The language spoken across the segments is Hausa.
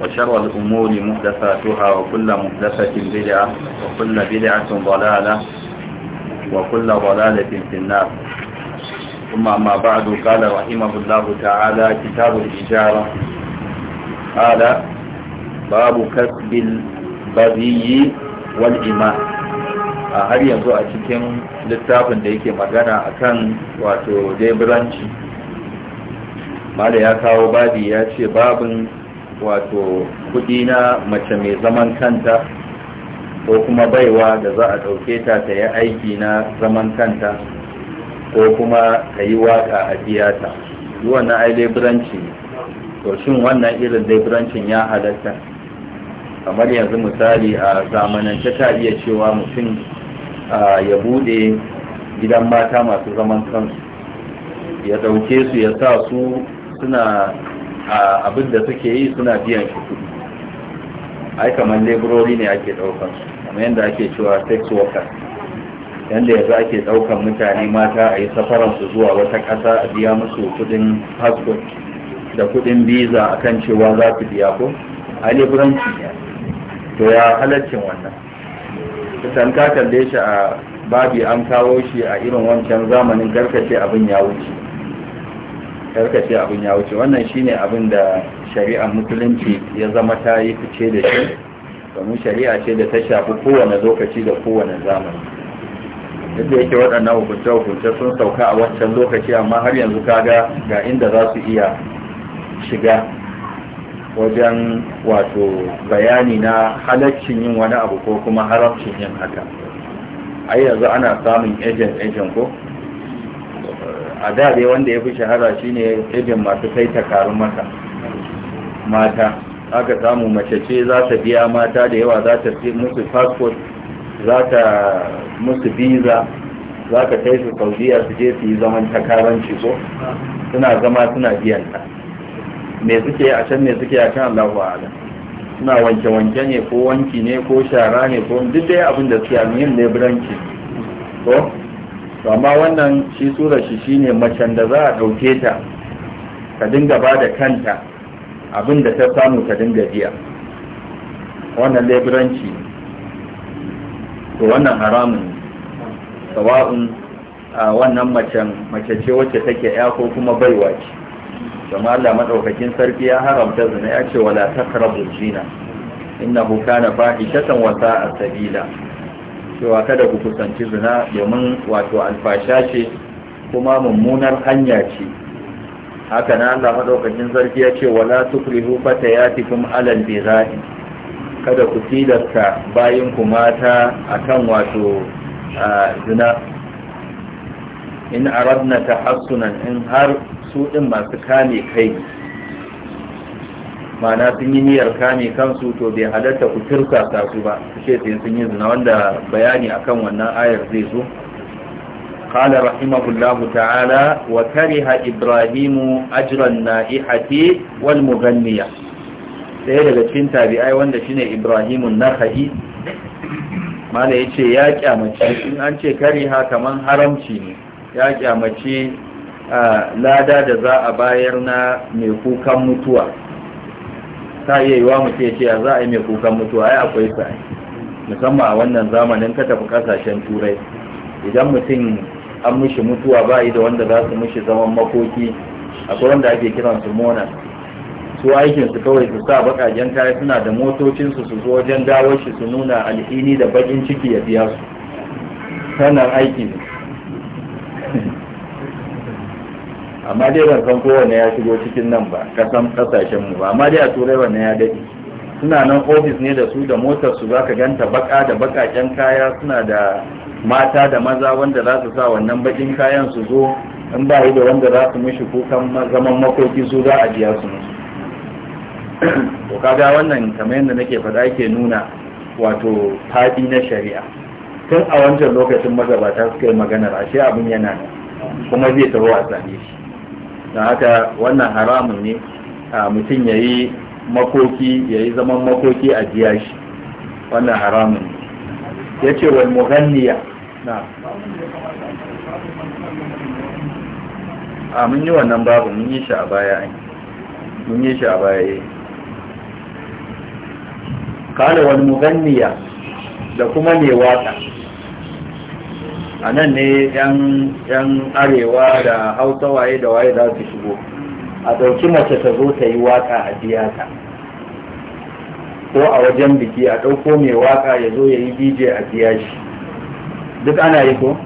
وشر الأمور محدثاتها وكل محدثة بدعة وكل بدعة ضلالة وكل ضلالة في النار ثم أما بعد قال رحمه الله تعالى كتاب الإجارة قال باب كسب البغي والإماء هل ينزو أتكم littafin da yake magana akan wato dai biranci mala ya kawo babi ya ce babin wato kudi na mace mai zaman kanta ko kuma baiwa da za a ɗauke ta ta yi aiki na zaman kanta ko kuma ka yi waka a biya ta wannan ai laiburanci ne to shin wannan irin laiburancin ya halatta kamar yanzu misali a zamanance ta iya cewa mutum ya bude gidan mata masu zaman kansu ya ɗauke su ya sa su suna abin da suke yi suna biyan shi kuɗi ai kamar laborori ne ake ɗaukan su kamar yadda ake cewa sex worker yadda yanzu ake ɗaukan mutane mata a yi safaransu zuwa wata kasa a biya musu kuɗin passport da kuɗin visa akan cewa za su biya ko a laboranci ne to ya halaccin wannan kusan ka kalle shi a babi an kawo shi a irin wancan zamanin karkace abin ya wuce karka ce abin ya wuce wannan shine abin da shari'ar musulunci ya zama ta yi fice da shi domin shari'a ce da ta shafi kowane lokaci da kowane zamani duk yake waɗannan hukunce-hukunce sun sauka a wancan lokaci amma har yanzu kaga ga inda za su iya shiga wajen wato bayani na halaccin yin wani abu ko kuma haramcin yin haka ai yanzu ana samun ejen ejen ko a da dai wanda ya fi shahara shine irin masu kai takarun mata mata aka samu mace ce za ta biya mata da yawa za ta musu passport za ta musu visa za ka kai su saudiya su je su yi zaman takaranci ko suna zama suna biyan ta me suke a can me suke a can Allahu ala? suna wanke-wanke ne ko wanki ne ko shara ne ko duk dai abin da suke a muhim ne biranci ko to amma wannan shi surar shi shine macen da za a ɗauke ta ka dinga ba da kanta abin da ta samu ka dinga biya wannan laburanci to wannan haramun sawa'un a wannan macen mace ce wacce take ya ko kuma baiwa ce kuma Allah madaukakin sarki ya haramta zina ya ce wala taqrabu zina innahu kana fahishatan wa sa'a sabila cewa kada ku kusanci zina domin wato alfasha ce kuma mummunar hanya ce haka na Allah madaukakin zargi ya ce wala tukrihu fatayatikum alal bighai kada ku tilasta bayin ku mata akan wato zina in aradna tahassunan in har su din masu kame kai ma'ana sun yi miyar kame kansu to bai halarta ku turka su ba su ce sai sun yi zina wanda bayani akan wannan ayar zai zo قال رحمه الله تعالى وكره إبراهيم أجر النائحة والمغنية sai daga cikin tabi'ai wanda shine Ibrahim an-Nakhai mala yace ya kyamace an ce kariha kamar haramci ne ya kyamace ah, lada da za a bayar na mai kukan mutuwa ta iya yiwa mu ce ya za a yi mai kukan mutuwa ai akwai sa musamman a wannan zamanin ka tafi kasashen turai idan mutum an mishi mutuwa ba yi da wanda za su mishi zaman makoki akwai da ake kiran su mona su aikin su kawai su sa bakajen kaya suna da motocinsu su zo wajen dawo shi su nuna alhini da bakin ciki ya biya su sannan aiki ne amma dai ban san kowanne ya shigo cikin nan ba kasan kasashen mu ba amma dai a turai wanne ya dade suna nan ofis ne da su da motar su zaka ganta baka da bakaken kaya suna da mata da maza wanda za su sa wannan bakin kayan su zo in ba da wanda za su mishi kukan zaman makoki su za a biya su musu to kaga wannan kamar yadda nake faɗa ke nuna wato fadi na shari'a tun a wancan lokacin magabata suka yi maganar ashe abin yana nan kuma zai taho a same shi don haka wannan haramun ne mutum ya yi makoki ya yi zaman makoki a jiya shi wannan haramun ne ya ce wani muhanniya na a mun yi wannan babu mun yi shi a baya ai mun yi shi a baya ai eh. kala wani mughanniya da kuma ne waka a nan ne yan arewa da hausa waye da waye za su shigo a ɗauki mace ta zo ta yi waka a biya ta ko a wajen biki a ɗauko mai waka ya zo ya yi bije a biya shi duk ana yi ko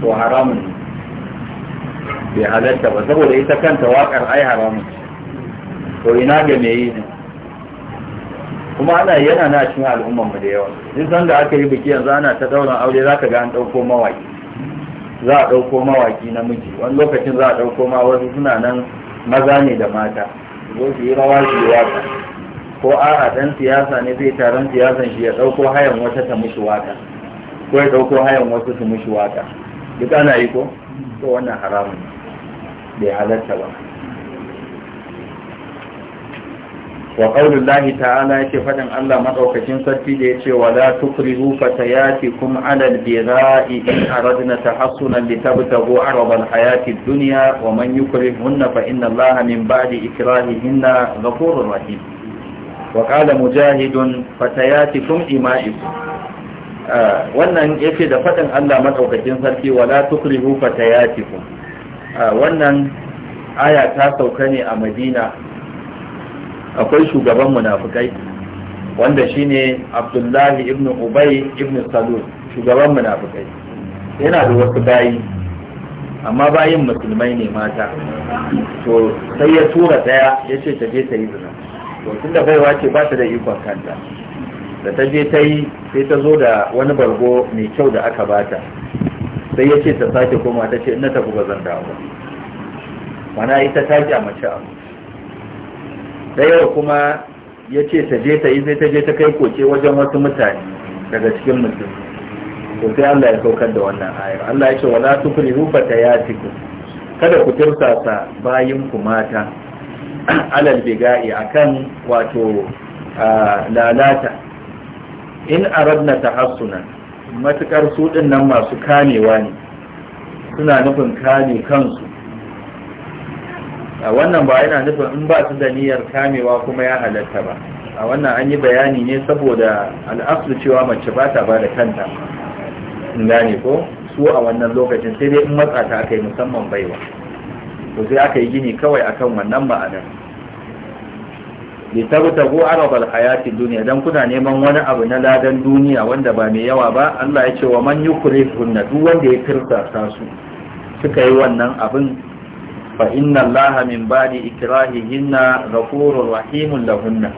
to haramun bai halatta ba saboda ita kanta wakar ai haramun to ina ga me yi ne kuma ana yana na cin al'umman mu da yawa duk sanda aka yi biki yanzu ana ta dauran aure zaka ga an ɗauko mawaki za a ɗauko mawaki namiji wani lokacin za a ɗauko ma wasu suna nan maza ne da mata zo su yi rawa su yi waka ko a'a ɗan siyasa ne zai taron siyasan shi ya ɗauko hayan wata ta mushi waka ko ya ɗauko hayan wasu su mushi waka duk ana yi ko wannan haramun bai halatta ba wa qaulullahi ta'ala yake faɗin Allah maɗaukacin sarki da yace wala tukrihu fatayatikum 'ala al-bidha'i in aradna tahassunan litabtaghu 'arada al-hayati ad Duniya wa man yukrihunna fa inna Allaha min ba'di ikrahihinna ghafurur rahim wa qala mujahidun fatayatikum ima'ikum ah, wannan yace da faɗin Allah madaukakin sarki wala tukrihu fatayatikum ah, wannan aya ta sauka ne a Madina akwai shugaban munafukai, wanda shine abdullahi ibn ubay ibn salul shugaban munafukai. yana da wasu bayi amma bayin musulmai ne mata to sai ya tura daya ya ce ta je ta yi zina to tunda baiwa ce ba ta da ikon kanta da ta je ta yi sai ta zo da wani bargo mai kyau da aka bata sai ya ce ta sake koma ta ce ina ta ba zan dawo mana ita ta mace abu yau kuma ya ce ta je ta yi sai ta je ta kai koce wajen wasu mutane daga cikin mutum Ko sai Allah ya saukar da wannan ayar Allah ya ce wala tukrihu ku. kada ku tirsasa bayin ku mata alal biga'i akan wato lalata in aradna tahassuna matukar su ɗin nan masu kamewa ne suna nufin kame kansu A wannan ba yana nufin in ba su da niyyar kamewa kuma ya halatta ba a wannan an yi bayani ne saboda al'asu cewa mace ba ta ba da kanta In gane ko su a wannan lokacin sai dai in matsa ta aka yi musamman baiwa to sai aka yi gini kawai akan wannan ma'anar tabbata ko arabal hayati duniya don kuna neman wani abu na ladan duniya wanda ba mai yawa ba Allah ya ce wa man yukrifunna duk wanda ya kirsa su suka yi wannan abin فإن الله من بعد إكراههن غفور رحيم لهن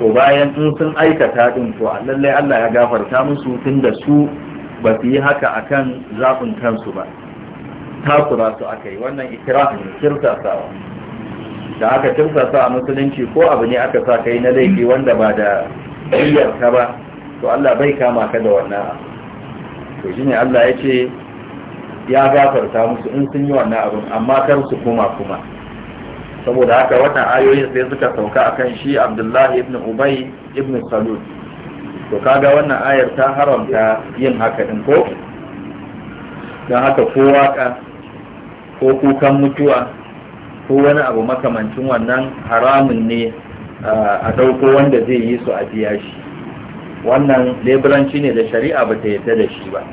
to bayan in sun aikata din to lallai Allah ya gafarta musu da su ba su yi haka akan zafin kansu ba takura su aka yi wannan ikra ne da aka kirtasa a musulunci ko abu ne aka sa kai na laifi wanda ba da niyyar ka ba to Allah bai kama ka da wannan to shine Allah ya ce ya gafarta musu in sun yi wannan abin amma kar su kuma kuma saboda haka wannan ayoyin sai suka sauka akan shi abdullahi ibn ubay ibn salud to kaga wannan ayar ta haramta yin haka din ko don haka ko waka ko kukan mutuwa ko wani abu makamancin wannan haramun ne a dauko wanda zai yi su a biya shi wannan leburanci ne da shari'a ba ta yarda da shi ba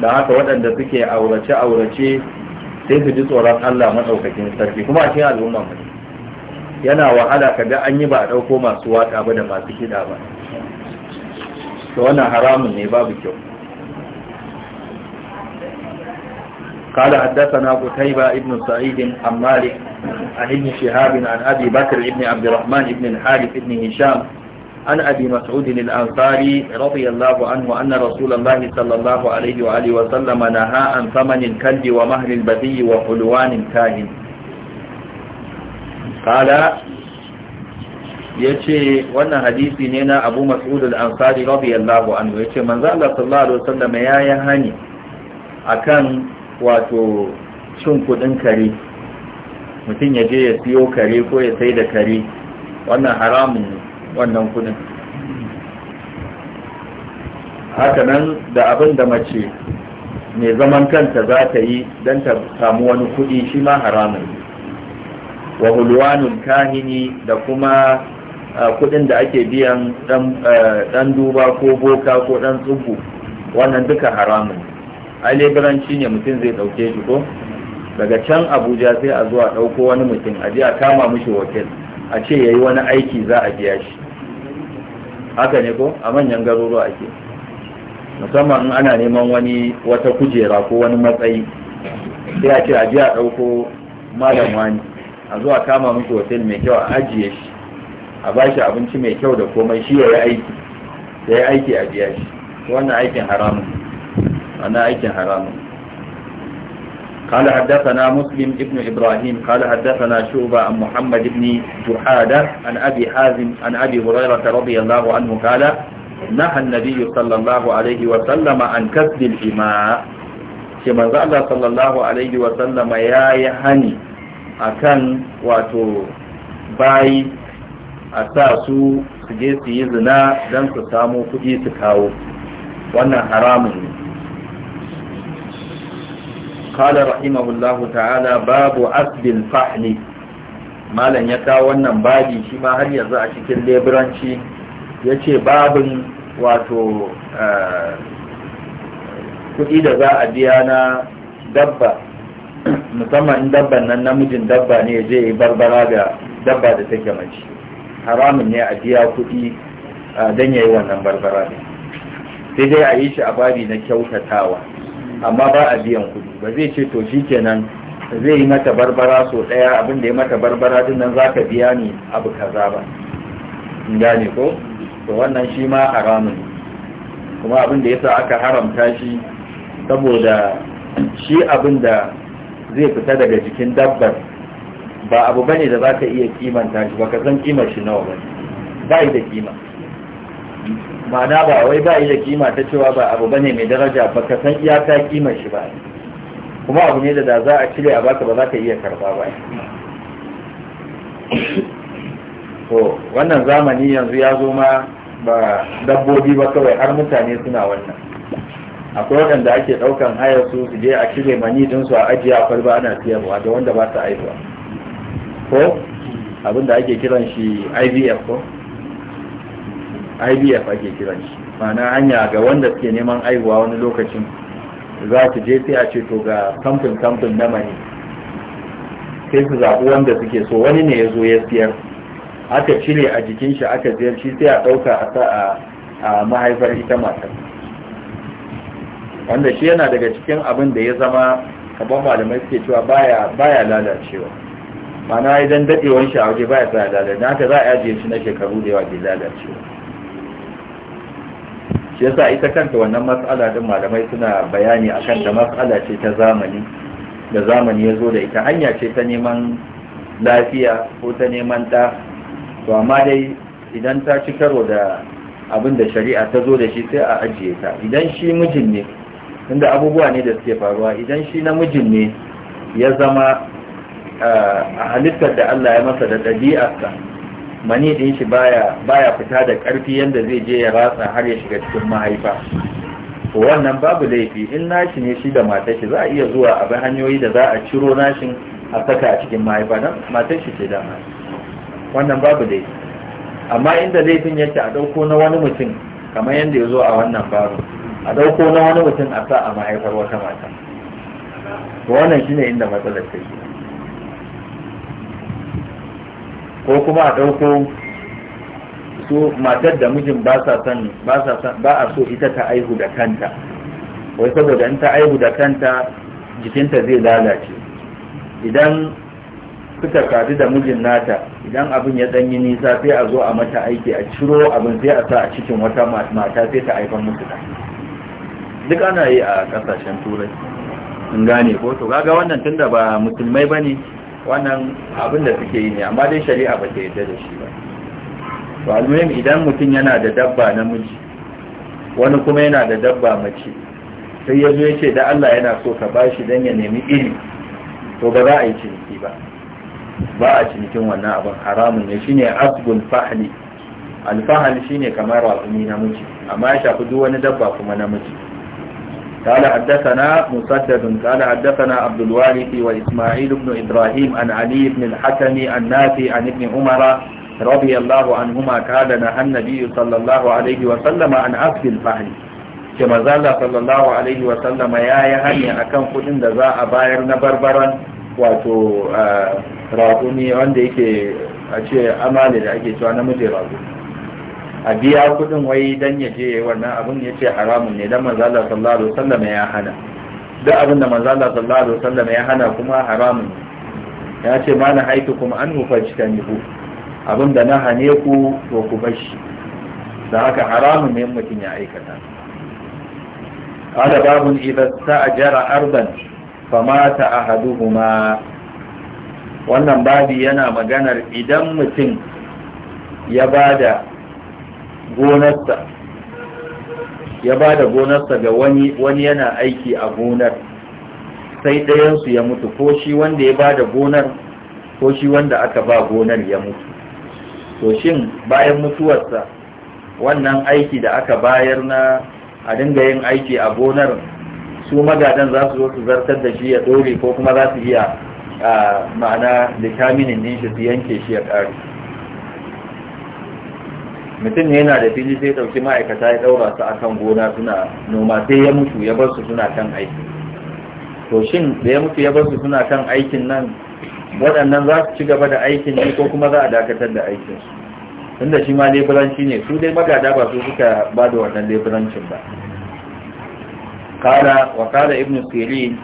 da haka waɗanda suke aurace aurace sai su ji tsoron Allah maɗaukakin sarki kuma a cikin al'umma mu yana wahala ka ga an yi ba a ɗauko masu waƙa ba da masu kiɗa ba to wannan haramun ne babu kyau قال حدثنا قتيبة ابن سعيد عن مالك عن ابن شهاب عن أبي بكر ابن عبد الرحمن ابن الحارث ابن هشام عن أبي مسعود الأنصاري رضي الله عنه أن رسول الله صلى الله عليه وآله وسلم نهى عن ثمن الكلب ومهر البذي وحلوان الكاهن قال yace wannan hadisi ne na Abu Mas'ud al-Ansari radiyallahu anhu yace manzo Allah sallallahu alaihi wasallam ya yi hani akan wato cin kudin kare mutum ya je ya siyo kare ko ya sai da kare wannan haramun ne wannan kudin hakanan da abin da mace mai zaman kanta za ta yi don ta samu wani kudi shi ma haramun wa hulwanun kahini da kuma kudin da ake biyan dan duba ko boka ko dan tsubu wannan duka haramun ai ne mutum zai dauke shi ko daga can abuja sai a zuwa dauko wani mutum a je a kama mishi wakil a ce ya yi wani aiki za a biya shi haka ne ko a manyan garuruwa ake musamman in ana neman wani wata kujera ko wani matsayi sai a ce a ji a ɗauko malam wani a zuwa kama miki hotel mai kyau a ajiye shi a ba shi abinci mai kyau da komai shi ya aiki ya aiki a biya shi wannan aikin haramun wannan aikin haramun قال حدثنا مسلم ابن إبراهيم قال حدثنا شعبة عن محمد بن جحادة عن أبي حازم عن أبي هريرة رضي الله عنه قال نهى النبي صلى الله عليه وسلم عن كسب الإماء كما قال صلى الله عليه وسلم يا يهني أكن واتو باي أساسو سجيسي يزنا دنس سامو فجيس كاو وانا حرام منه قال رحمه الله تعالى باب عقد الفحل malam ya kawo wannan babi shi ma har yanzu a cikin leburanci yace ce babin wato kuɗi da za a biya na dabba musamman in dabban nan namijin dabba ne je yi barbara ga dabba da take mace haramun ne a biya kuɗi don ya yi wannan barbara sai dai a yi shi a babi na kyautatawa amma ba a biyan kuɗi ba zai ce to shi kenan zai yi mata barbara so ɗaya abin da ya mata barbara din nan zaka biya ni abu kaza ba gane ko to wannan shi ma haramun kuma abin da yasa aka haramta shi saboda shi abin da zai fita daga jikin dabbar ba abu bane da zaka iya kimanta shi ba ka san kimar shi nawa ba bai da kima ma'ana ba wai ba da kima ta cewa ba abu bane mai daraja ba ka san iyaka kimar shi ba kuma abu ne da da za a cire a baka ba za ka iya karba ba to wannan zamani yanzu ya zo ma ba dabbobi ba kawai har mutane suna wannan akwai waɗanda ake ɗaukan hayar su su je a cire mani din su a ajiye a kwalba ana siyarwa da wanda ba ta haihuwa ko abin da ake kiran shi IVF ko IVF ake kiran shi mana hanya ga wanda suke neman aihuwa wani lokacin za su je sai a ce to ga kamfin kamfin na mani sai su zaɓi wanda suke so wani ne ya zo ya siyar aka cire a jikin shi aka ziyarci, shi sai a ɗauka a sa a mahaifar ita matar wanda shi yana daga cikin abin da ya zama kaban malamai suke cewa baya lalacewa mana idan daɗewan shi a waje baya sa lalacewa na haka za a yaje shi na shekaru da yawa ke lalacewa shi yasa ita kanta wannan matsala din malamai suna bayani akan ta matsala ce ta zamani da zamani ya zo da ita hanya ce ta neman lafiya ko ta neman ɗa to amma dai idan ta ci karo da abin da shari'a ta zo da shi sai a ajiye ta idan shi mijin ne inda abubuwa ne da suke faruwa idan shi namijin ne ya zama eh, a halittar da Allah ya masa da ɗabi'arsa mani din shi baya baya fita da karfi yanda zai je ya ratsa har ya shiga cikin mahaifa to wannan babu laifi in nashi ne shi da matar shi za a iya zuwa a bi hanyoyi da za a ciro nashin a saka a cikin mahaifa dan matar shi ce dama wannan babu laifi amma inda laifin yake a dauko na wani mutum kamar yanda ya zo a wannan babu a dauko na wani mutum a sa a mahaifar wata mata wannan shine inda matsalar take ko kuma a ɗauko su matar da mijin ba a so ita ta aihu da kanta wai saboda in ta aihu da kanta jikinta zai lalace idan suka sadu da mijin nata idan abin ya danyi nisa sai a zo a mata aiki a ciro abin sai a sa a cikin wata mata sai ta aifan musu da duk ana yi a kasashen turai in gane ko to kaga wannan tunda ba musulmai bane wannan abin da suke yi ne amma dai shari'a ba ta yadda da shi ba to almuhim idan mutum yana da dabba namiji wani kuma yana da dabba mace sai ya zo ya ce da Allah yana so ka bashi dan ya nemi iri to ba za a yi ciniki ba ba a cinikin wannan abin haramun ne shine asbul fahli alfahli shine kamar wa'umi namiji amma ya shafi duk wani dabba kuma namiji قال حدثنا مسدد قال حدثنا عبد الوارث وإسماعيل بن إبراهيم عن علي بن الحكم النافي عن ابن عمر رضي الله عنهما قال نهى النبي صلى الله عليه وسلم عن عقد الفحل كما زال صلى الله عليه وسلم يا يهني أكن كدن da za a bayar na barbaran wato raƙumi wanda yake a ce amali da ake cewa namiji raƙumi a biya kudin wai dan ya je wannan abin ya ce haramun ne dan manzo Allah sallallahu alaihi wasallam ya hana duk abin da manzo Allah sallallahu alaihi wasallam ya hana kuma haramun ya ce ma na haitu kuma an hufajtani ku abin da na hane ku to ku bar shi da haka haramun ne mutum ya aikata qala babun idza sta'jara ardan famata ahaduhuma wannan babi yana maganar idan mutum ya bada gonarsa ya ba da gonarsa ga wani yana aiki a gonar sai ɗayansu ya mutu ko shi wanda ya ba da gonar ko shi wanda aka ba gonar ya mutu to shin bayan mutuwarsa wannan aiki da aka bayar na a dinga yin aiki a gonar su magadan za su zo su zartar da shi ya ɗore ko kuma za su iya ma'ana litaminin ne shi su yanke shi ya ƙare mutum ne yana da fili sai ɗauki ma'aikata ya ɗaura su akan gona suna noma sai ya mutu ya bar su suna kan aiki to shin da ya mutu ya bar su suna kan aikin nan waɗannan za su ci gaba da aikin ne ko kuma za a dakatar da aikin su tunda shi ma leburanci ne su dai magada ba su suka ba da wannan leburancin ba kala wa kala ibnu sirin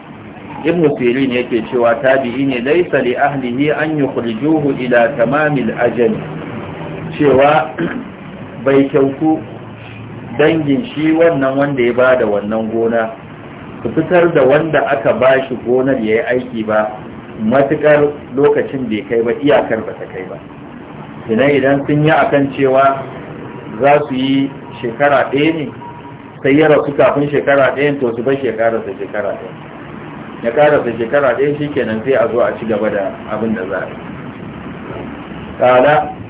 ibnu sirin yake cewa tabi'i ne laisa li ahlihi an yukhrijuhu ila tamamil ajali cewa bai kyautu dangin shi wannan wanda ya bada wannan gona ku fitar da wanda aka ba shi gonar ya yi aiki ba matukar lokacin bai kai ba iyakar ba ta kai ba ina idan sun yi akan cewa za su yi shekara ɗaya ne sai ya rasu kafin shekara ɗaya to su bai shekara ta shekara ɗaya ya karasa shekara ɗaya shi kenan sai a zo a ci gaba da abin da za a yi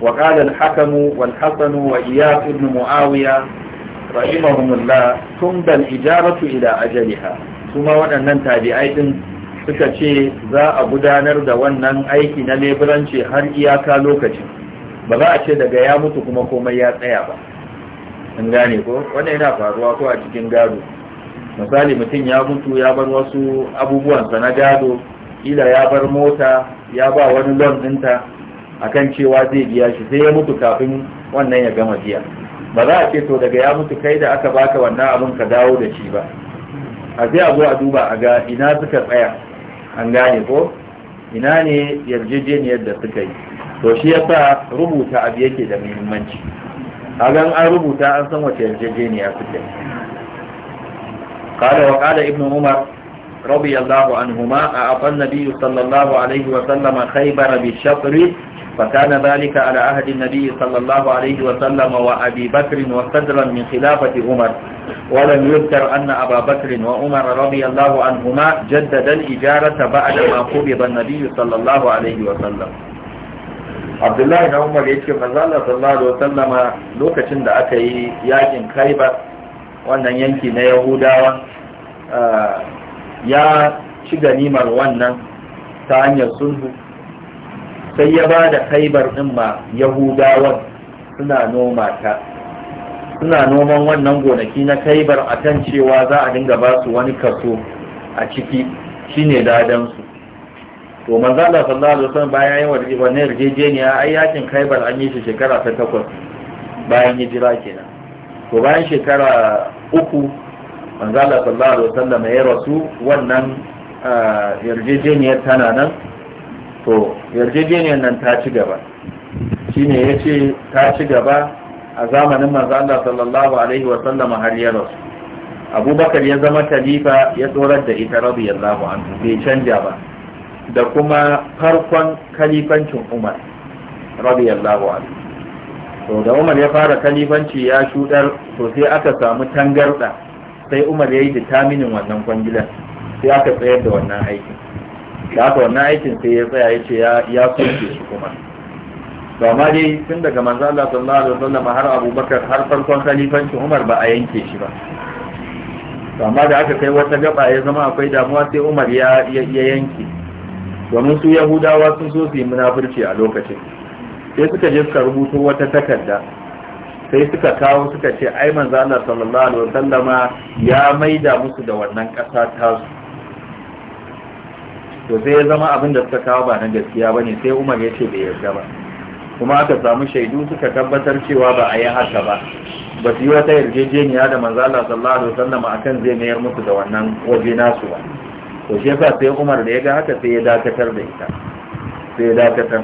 وقال wa والحسن وإياس بن معاوية رحمهم الله تمضى الإجابة إلى Suma waɗannan tabi'ai تابعي suka ce za a gudanar da wannan aiki na leburanci har iyaka lokaci, ba za a ce daga ya mutu kuma komai ya tsaya ba an gane ko wannan yana faruwa ko a cikin gado misali mutum ya mutu ya bar wasu abubuwansa na gado ila ya bar mota ya ba wani lon ɗinta akan cewa zai biya shi sai ya mutu kafin wannan ya gama biya ba za a ce to daga ya mutu kai da aka baka wannan abin ka dawo da shi ba a sai a zo a duba a ga ina suka tsaya an gane ko ina ne yarjejeniyar da suka yi to shi yasa rubuta abu yake da muhimmanci hagan an rubuta an san wace yarjejeniya suka yi قال وقال ابن عمر رضي الله عنهما أعطى النبي صلى الله عليه وسلم خيبر بالشطر فكان ذلك على عهد النبي صلى الله عليه وسلم وأبي بكر وصدرا من خلافة عمر ولم يذكر أن أبا بكر وعمر رضي الله عنهما جدد الإجارة بعدما قبض النبي صلى الله عليه وسلم عبد الله بن عمر يشكي مزالة صلى الله عليه وسلم لوكا شند أكي ياجن خيبة وأن ينكي نيهودا يا شغني مروان ta hanyar sulhu sai ya ba da khaibar ɗin ma yahudawan suna noma ta suna noman wannan gonaki na a akan cewa za a dinga ba su wani kaso a ciki shine dadansu to manzo Allah sallallahu alaihi wasallam bayan yayin wannan yarjejeniya ai yakin kaibar an yi shi shekara ta takwas bayan hijira kenan to bayan shekara uku manzo Allah sallallahu alaihi wasallam ya rasu wannan ah, yarjejeniyar tana nan to yarjejeniyar nan ta ci gaba shi ne ya ce ta ci gaba a zamanin manzo sallallahu alaihi wa har yaro abubakar ya zama talifa ya tsorar da ita radiyallahu an bai canja ba da kuma farkon kalifancin umar radiyallahu an to da umar ya fara kalifanci ya shudar to sai aka samu tangarɗa, sai umar ya yi da taminin wannan kwangilan sai aka tsayar da wannan aikin da aka wannan aikin sai ya tsaya ya ce ya kunce shi kuma to amma dai tun daga manzo Allah sallallahu alaihi wasallam har Abubakar har farkon khalifanci Umar ba a yanke shi ba to amma da aka kai wata gaba ya zama akwai damuwa sai Umar ya ya yanke domin su Yahudawa sun so su yi munafurci a lokacin sai suka je suka rubuto wata takarda sai suka kawo suka ce ai manzo Allah sallallahu alaihi wasallama ya maida musu da wannan ta tasu to sai ya zama abin da suka kawo ba na gaskiya ba ne sai umar ya ce bai yarda ba kuma aka samu shaidu suka tabbatar cewa ba a yi haka ba ba su yi wata yarjejeniya da manzo Allah sallallahu alaihi wasallam akan zai mayar musu da wannan waje nasu ba to shi yasa sai Umar da ya ga haka sai ya dakatar da ita sai ya dakatar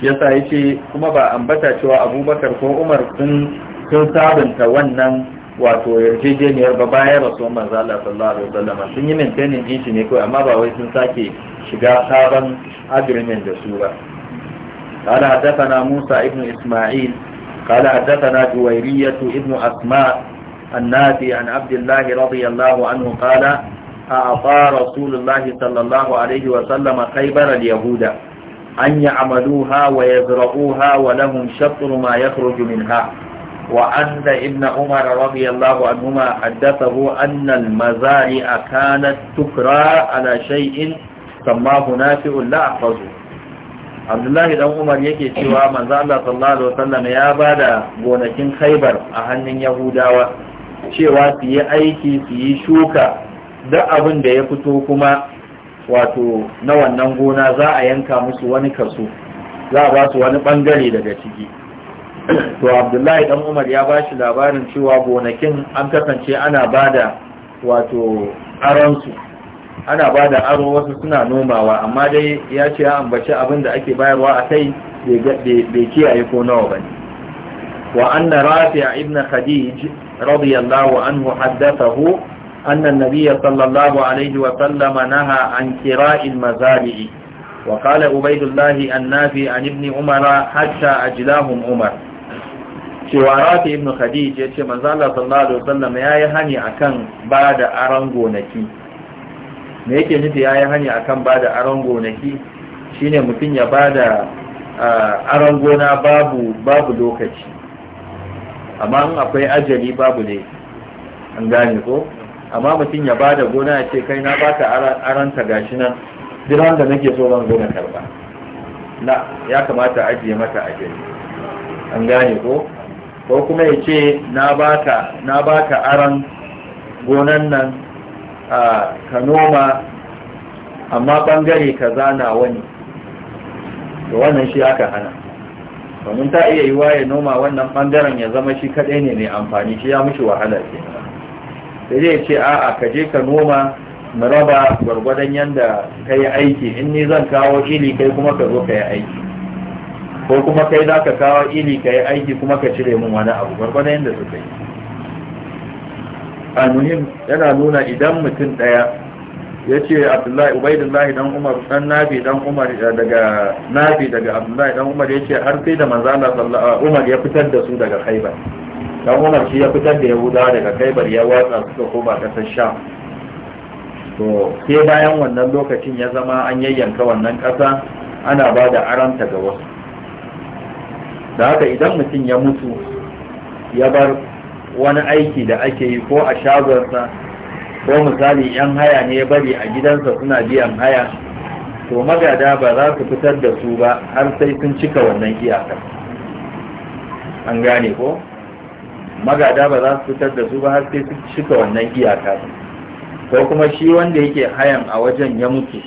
shi yasa yace kuma ba ambata cewa Abubakar ko Umar sun sun sabunta wannan wato yarjejeniyar ba bayan rasuwar manzo Allah sallallahu alaihi wasallam sun yi maintaining din shi ne kawai amma ba wai sun sake shiga sabon agreement da su ba قال حدثنا موسى ابن إسماعيل قال حدثنا جويرية ابن أسماء النافي عن عبد الله رضي الله عنه قال أعطى رسول الله صلى الله عليه وسلم خيبر اليهود أن يعملوها ويزرعوها ولهم شطر ما يخرج منها وأن ابن عمر رضي الله عنهما حدثه أن المزارع كانت تكرى على شيء سماه نافع لا أحفظه عبد الله بن عمر yake cewa manzo Allah sallallahu alaihi wasallam ya bada gonakin Khaibar a hannun Yahudawa cewa su yi aiki su yi shuka duk abin da ya fito kuma wato na gona za a yanka musu wani kaso za basu wani bangare daga ciki to abdullahi dan umar ya ba shi labarin cewa gonakin an kasance ana ba da wato aronsu ana ba da aro wasu suna nomawa amma dai ya ce ya ambaci abin da ake bayarwa a kai bai kiyaye ko nawa ba ne wa anna rafi'a ibn khadij radiyallahu anhu haddathahu أن النبي صلى الله عليه وسلم نهى عن كراء المزارع وقال عبيد الله النافي عن ابن عمر حتى أجلاهم عمر cewa rafi ibn khadij ya ce manzo Allah sallallahu alaihi wasallam yayi hani akan ba da aron gonaki me yake nufi yayi hani akan ba da aron gonaki shine mutum ya ba da aron gona babu babu lokaci amma in akwai ajali babu ne an gane ko amma mutum ya ba da gona ya ce kai na baka ta gashi nan duk da nake so ban zo na karba na ya kamata ajiye mata ajali an gane ko ko kuma ya ce na baka na baka gonan nan a ka noma amma bangare kaza na wani to wannan shi aka hana domin ta iya yiwa ya noma wannan bangaren ya zama shi kadai ne mai amfani shi ya mishi wahala ce sai zai ce a'a ka je ka noma mu raba gwargwadon yanda ka yi aiki in ni zan kawo ili kai kuma ka zo ka yi aiki ko kuma kai za ka kawo ili ka yi aiki kuma ka cire min wani abu gwargwadon yadda suka yi al-muhim yana nuna idan mutum ɗaya ya ce abdullahi ubaidullahi dan umar dan nafi dan umar eh, daga nafi daga abdullahi dan umar ya ce har sai da manzala umar ya fitar da su daga khaibar dan umar shi ya fitar da yahudawa daga khaibar ya watsa suka koma kasar sham to sai bayan wannan lokacin ya zama an yayyanka wannan kasa ana ba da aranta ga wasu da haka idan mutum ya mutu ya bar wani aiki da ake yi ko a shagonsa ko misali yan haya ne ya bari a gidansa suna biyan haya to magada ba za su fitar da su ba har sai sun cika wannan iyaka an gane ko magada ba za su fitar da su ba har sai sun cika wannan iyaka ko kuma shi wanda yake hayan a wajen ya mutu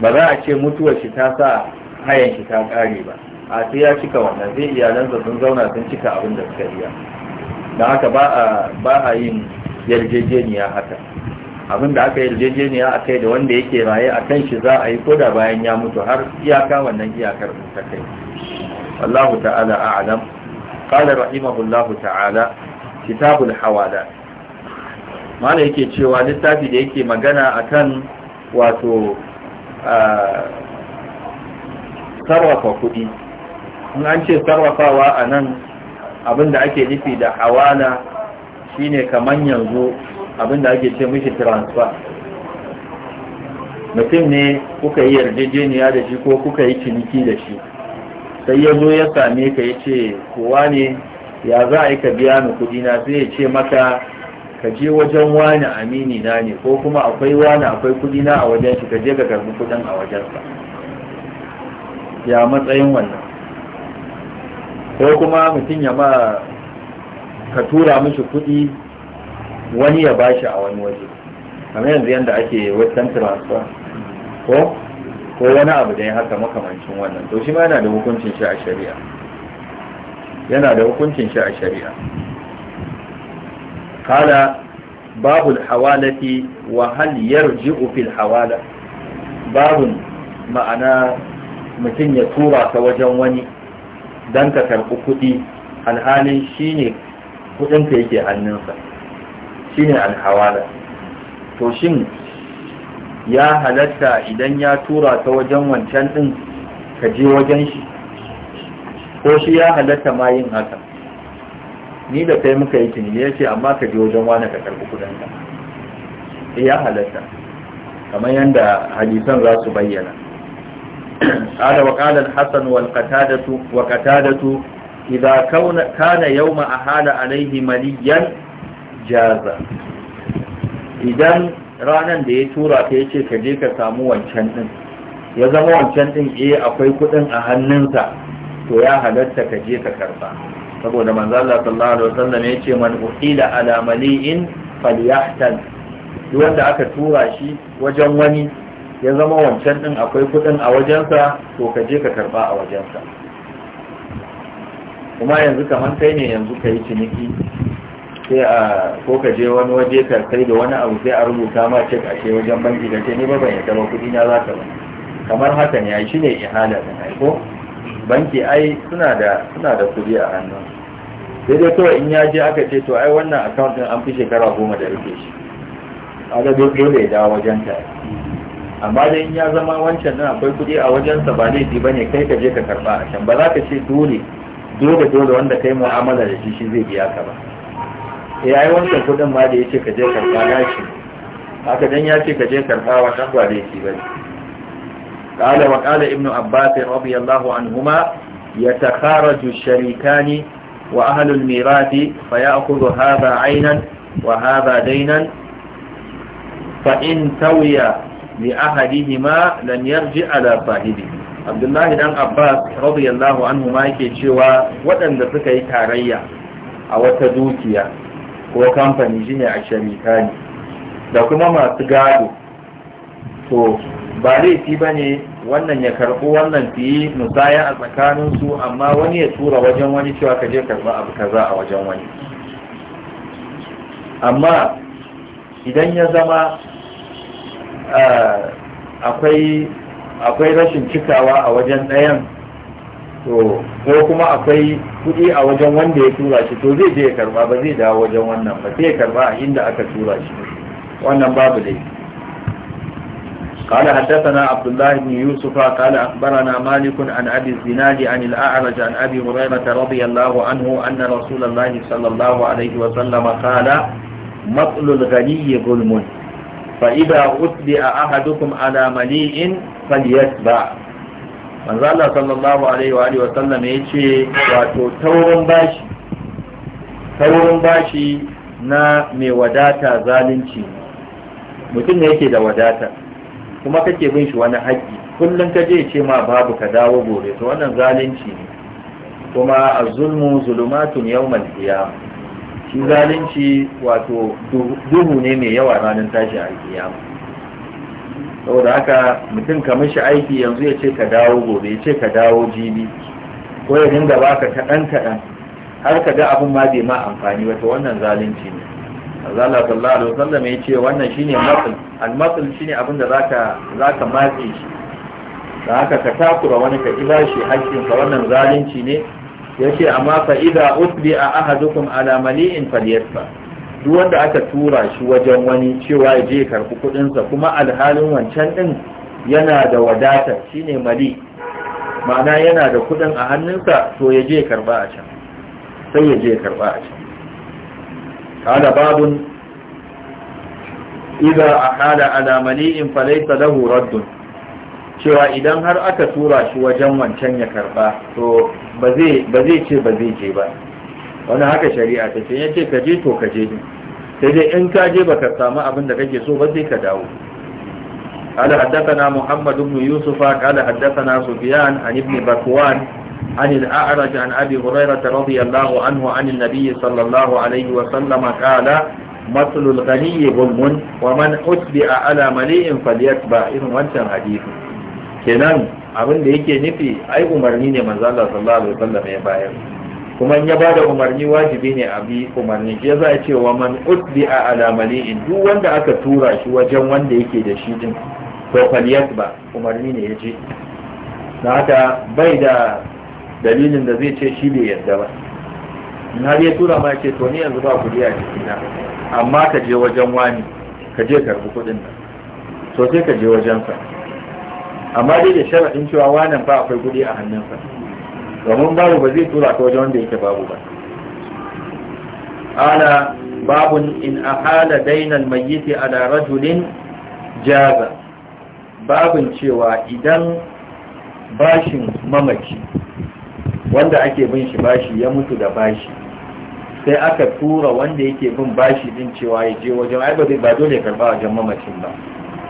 ba za a ce mutuwar shi ta sa hayan shi ta kare ba a sai ya cika wannan zai iyalansa sun zauna sun cika abin da suka iya don haka ba a yin yarjejeniya haka abin da aka yarjejeniya a kai da wanda yake raye a kan shi za a yi koda bayan ya mutu har iyaka wannan iyakar ta kai wallahu ta'ala a'lam qala rahimahullahu ta'ala kitabul hawala mana yake cewa littafi da yake magana akan wato ah, sarrafa kuɗi in an ce sarrafawa a nan abinda ake nufi da hawala shine kamar yanzu abinda ake ce mishi transfer mutum ne kuka yi yarjejeniya da shi ko kuka yi ciniki da shi sai ya zo ya same ka ya ce kowa ne ya za a yi ka biya ni kudi na sai ya ce maka ka je wajen wani amini na ne ko kuma akwai wani akwai kudi na a wajen shi ka je ka karbi kudin a wajensa ya matsayin wannan ko kuma mutum ya ma ka tura mishi kuɗi wani ya bashi a wani waje kamar yanzu yadda ake western transfer ko ko wani abu da ya haka makamancin wannan to shi ma yana da hukuncin shi a shari'a yana da hukuncin shi a shari'a kala babul hawalati wa hal yarji'u fil hawala babun ma'ana mutum ya tura ta wajen wani don ka karɓi kuɗi alhalin shi ne kuɗinka yake hannunsa shi ne alhawala to shin ya halatta idan ya tura ta wajen wancan ɗin ka je wajen shi ko shi ya halatta ma yin haka ni da kai muka yi tunani ya ce amma ka je wajen wani ka karɓi kuɗinka eh, ya halatta kamar yadda hadisan za su bayyana قال وقال الحسن والقتادة وقتادة إذا كون كان يوم أحال عليه مليا جازا إذن ka yace kaje ka samu wancan ɗin ya zama wancan ɗin eh akwai kuɗin a hannunsa to ya halatta ka je ka karɓa saboda manzo Allah sallallahu alaihi wasallam yace man alamali ala mali'in falyahtal duk wanda aka tura shi wajen wani ya zama wancan din akwai kudin a wajensa to ka je ka karba a wajensa kuma yanzu kamar kai ne yanzu ka yi ciniki sai a ko ka je wani waje ka kai da wani abu sai a rubuta ma cek a ce wajen banki da ce ni ba ban yadda ba kudi na za ka ba kamar haka ne ai shine ihala din ai ko banki ai suna da suna da kudi a hannun sai dai kawai in ya je aka ce to ai wannan account din an fi shekara goma da rufe shi a ga dole ya dawo wajen ta amma dai in ya zama wancan nan akwai kuɗi a wajensa ba laifi bane kai ka je ka karɓa a can ba za ka ce dole dole dole wanda kai mu'amala da shi shi zai biya ka ba ya eh, yi wancan kuɗin ma da ya ce ka je karba gashi haka dan ya ce ka je karɓa karba wannan ba laifi bane قال وقال ابن عباس رضي الله عنهما يتخارج الشريكان وأهل الميراث فيأخذ هذا عينا وهذا دينا فإن توي li ahadihima lam yarji ala sahibihi Abdullahi dan Abbas radiyallahu anhu ma yake cewa waɗanda suka yi tarayya a wata dukiya ko kamfani shine a ne, da kuma masu gado to ba laifi ba ne wannan ya karɓo wannan fiye musaya a tsakaninsu amma wani ya tura wajen wani cewa ka je karɓa abu kaza a wajen wani amma idan ya zama Eh, akwai akwai rashin cikawa a wajen ɗayan to ko kuma akwai kuɗi a wajen wanda ya tura shi to zai je ya karba ba zai dawo wajen wannan ba sai ya karba a inda aka tura shi wannan babu dai قال حدثنا عبد الله بن يوسف قال أخبرنا مالك عن أبي الزناد عن الأعرج عن أبي هريرة رضي الله عنه أن رسول الله صلى الله عليه وسلم قال مطل الغني ظلم فإذا أتبع أحدكم على مليء فليتبع manzo Allah sallallahu alaihi wa alihi wa sallam yace wato taurin bashi na mai wadata zalunci mutum ne yake da wadata kuma kake bin shi wani haƙƙi kullum ka je ce ma babu ka dawo gobe to wannan zalunci ne kuma az-zulmu zulumatun yawmal qiyamah shi zalunci wato duhu ne mai yawa ranar tashi a kiyama saboda haka mutum ka mishi aiki yanzu ya ce ka dawo gobe ya ce ka dawo jibi ko ya dinga baka kaɗan kaɗan har ka ga abin ma bai ma amfani wata wannan zalunci ne Allah sallallahu alaihi wasallam ya ce wannan shine matsal al matsal shine abin da zaka zaka matse shi da haka ka takura wani ka ibashi hakkin ka wannan zalunci ne Ya ce, amma fa idza a ahadukum ala mali'in falyasfa duk wanda aka tura shi wajen wani cewa ya je karbi kudin sa kuma alhalin wancan din yana da wadata shine mali ma'ana yana da kuɗin a hannunsa to ya je karba a can sai ya je karba a can قال babun إذا ahala ala mali'in lahu raddun Cewa idan har aka tura shi wajen wancan ya karɓa, to ba zai ce ba zai je ba. Wani haka shari'a ta ce, yana je ka je to ka je. Ta je in ka je baka samu abin da kake so ba zai ka dawo. Ƙalihadda sana Muhammadu Bani Yusuf, Ƙali Haddasa na Sufiyan an Nifniba Kwan, Anadiala'a Raja, Anabi, Huraira Ta'ra, Biyallahu, Anwar Anadiyyai, Sallallahu alaihi wa sallam, Alƙalaa, Maslul, Ganiye, Gwamnon, Wamman, Utbe a alamane in fal ba irin wancan hadiyu. kenan abin da yake nufi ai umarni ne manzo Allah sallallahu alaihi wasallam ya bayar kuma in ya bada umarni wajibi ne a bi umarni ke Za a ce wa man utbi'a ala in duk wanda aka tura shi wajen wanda yake da shi din to faliyat ba umarni ne yaje je na haka bai da dalilin da zai ce shi bai yarda ba in har ya tura ma ce to ni yanzu ba kuɗi a na? amma ka je wajen wani ka je karɓi kuɗin nan to sai ka je wajensa amma dai da sharaɗin cewa wannan ba akwai kuɗi a hannunsa domin babu ba zai tura ka wajen wanda yake babu ba ala babun in a hala dainal mayyiti ala rajulin jaza babun cewa idan bashin mamaci wanda ake bin shi bashi ya mutu da bashi sai aka tura wanda yake bin bashi din cewa ya je wajen ai ba dole karba wajen mamacin ba